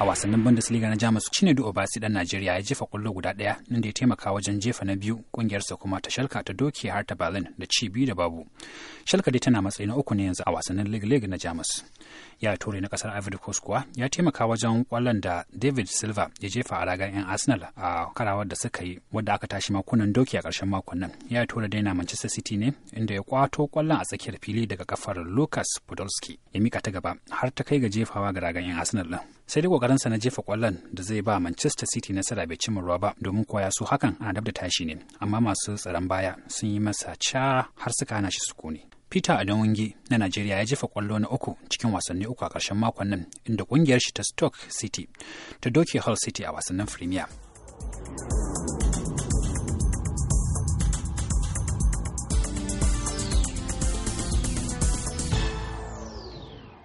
a wasannin Bundesliga na Jamus Chinedu Obasi dan Najeriya ya jefa kwallo guda ɗaya inda ya taimaka wajen jefa na biyu ƙungiyarsa kuma ta shalka ta doke har ta Berlin da ci biyu da babu. Schalke dai tana matsayi na uku ne yanzu a wasannin League League na Jamus. ya ture na kasar ivory coast kuwa ya taimaka wajen kwallon da david silver ya jefa a ragar 'yan arsenal a karawar da suka yi wadda aka tashi makunan doki a karshen makon nan ya ture daina manchester city ne inda ya kwato kwallon a tsakiyar fili daga kafar lucas podolski ya mika ta gaba har ta kai ga jefawa ga ragar 'yan arsenal din sai dai kokarinsa na jefa kwallon da zai ba manchester city nasara bai cimma ruwa ba domin koya su hakan ana dab da tashi ne amma masu tsaron baya sun yi masa ca har suka hana shi sukuni Peter Adewangi na Najeriya ya jefa kwallo na uku cikin wasanni uku a ƙarshen makon nan inda ƙungiyar shi ta Stoke City ta doke Hull City a wasannin Premier.